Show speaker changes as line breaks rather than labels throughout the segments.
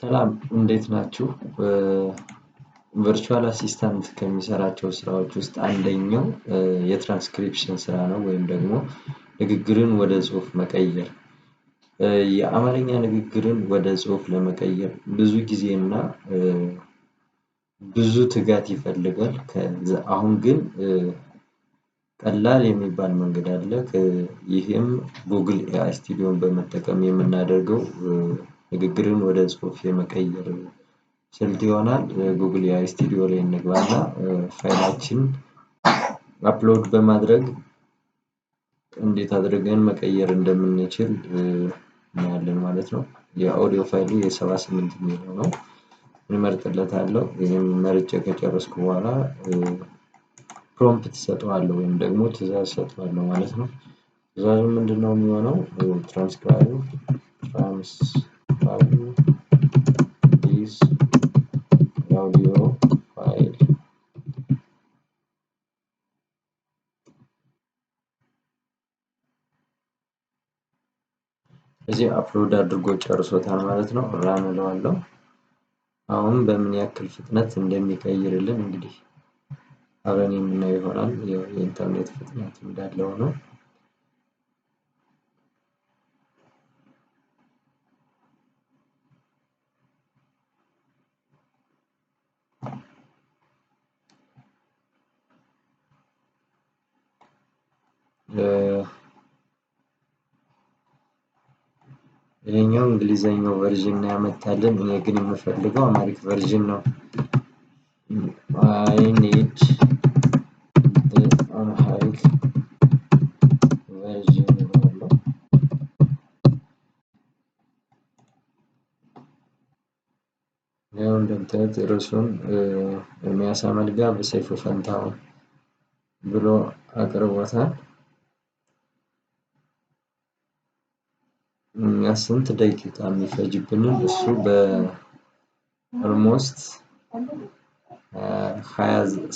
ሰላም እንዴት ናችሁ? ቨርቹዋል አሲስታንት ከሚሰራቸው ስራዎች ውስጥ አንደኛው የትራንስክሪፕሽን ስራ ነው ወይም ደግሞ ንግግርን ወደ ጽሁፍ መቀየር የአማርኛ ንግግርን ወደ ጽሁፍ ለመቀየር ብዙ ጊዜና ብዙ ትጋት ይፈልጋል። አሁን ግን ቀላል የሚባል መንገድ አለ ይህም ጉግል ኤአይ ስቱዲዮን በመጠቀም የምናደርገው ንግግርን ወደ ጽሁፍ የመቀየር ስልት ይሆናል። ጉግል ኤአይ ስቱዲዮ ላይ እንግባና ፋይላችን አፕሎድ በማድረግ እንዴት አድርገን መቀየር እንደምንችል እናያለን ማለት ነው። የኦዲዮ ፋይሉ የሰባ ስምንት የሚለው ነው። እመርጥለታለሁ ይህም መርጬ ከጨረስኩ በኋላ ፕሮምፕት ሰጠዋለሁ ወይም ደግሞ ትእዛዝ ሰጠዋለሁ ማለት ነው። ትእዛዙ ምንድነው የሚሆነው? ትራንስክራይብ ትራንስ value is audio file. እዚህ አፕሎድ አድርጎ ጨርሶታል ማለት ነው። ራን እለዋለሁ። አሁን በምን ያክል ፍጥነት እንደሚቀይርልን እንግዲህ አብረን የምናየው ይሆናል። የኢንተርኔት ፍጥነት እንዳለው ነው። Э, ይሄኛው እንግሊዘኛው ቨርዥን ነው ያመጣልን። እኔ ግን የምፈልገው አማሪክ ቨርዥን ነው። አይ ኒድ አማሪክ ቨርዥን ነው። ያው እንደምታዩት ርዕሱን ኤርሚያስ አመልጋ በሰይፉ ፈንታሁን ብሎ አቅርቦታል። ስንት ደቂቃ የሚፈጅብንን እሱ በኦልሞስት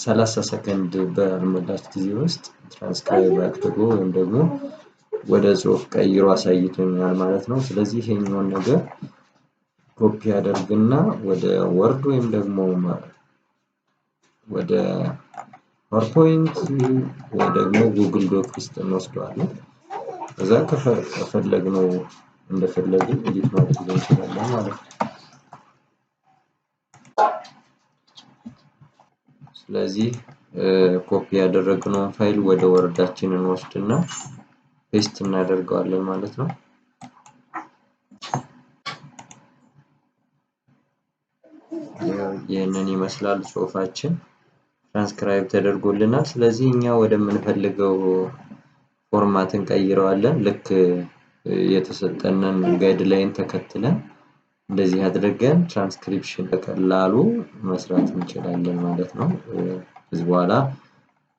ሰላሳ ሰከንድ በሞላች ጊዜ ውስጥ ትራንስክራይብ አድርጎ ወይም ደግሞ ወደ ጽሁፍ ቀይሮ አሳይቶኛል ማለት ነው። ስለዚህ ይሄኛውን ነገር ኮፒ አደርግና ወደ ወርድ ወይም ደግሞ ወደ ፓወርፖይንት ወይ ደግሞ ጉግል ዶክ ውስጥ እንወስደዋለን። እዛ ከፈለግነው እንደፈለግን እንዴት ማድረግ እንችላለን ማለት ነው። ስለዚህ ኮፒ ያደረግነውን ፋይል ወደ ወርዳችን እንወስድና ፔስት እናደርገዋለን ማለት ነው። ይህንን ይመስላል ጽሁፋችን ትራንስክራይብ ተደርጎልናል። ስለዚህ እኛ ወደምንፈልገው ፎርማት እንቀይረዋለን ልክ የተሰጠንን ጋይድላይን ተከትለን እንደዚህ አድርገን ትራንስክሪፕሽን በቀላሉ መስራት እንችላለን ማለት ነው። ከዚህ በኋላ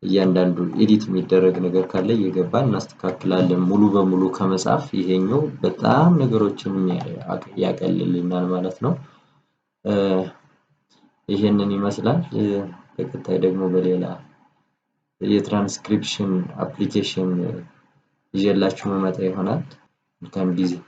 እያንዳንዱ ኤዲት የሚደረግ ነገር ካለ እየገባን እናስተካክላለን። ሙሉ በሙሉ ከመጻፍ ይሄኛው በጣም ነገሮችን ያቀልልናል ማለት ነው። ይሄንን ይመስላል። በቀጣይ ደግሞ በሌላ የትራንስክሪፕሽን አፕሊኬሽን ይዤላችሁ መመጣ ይሆናል። become busy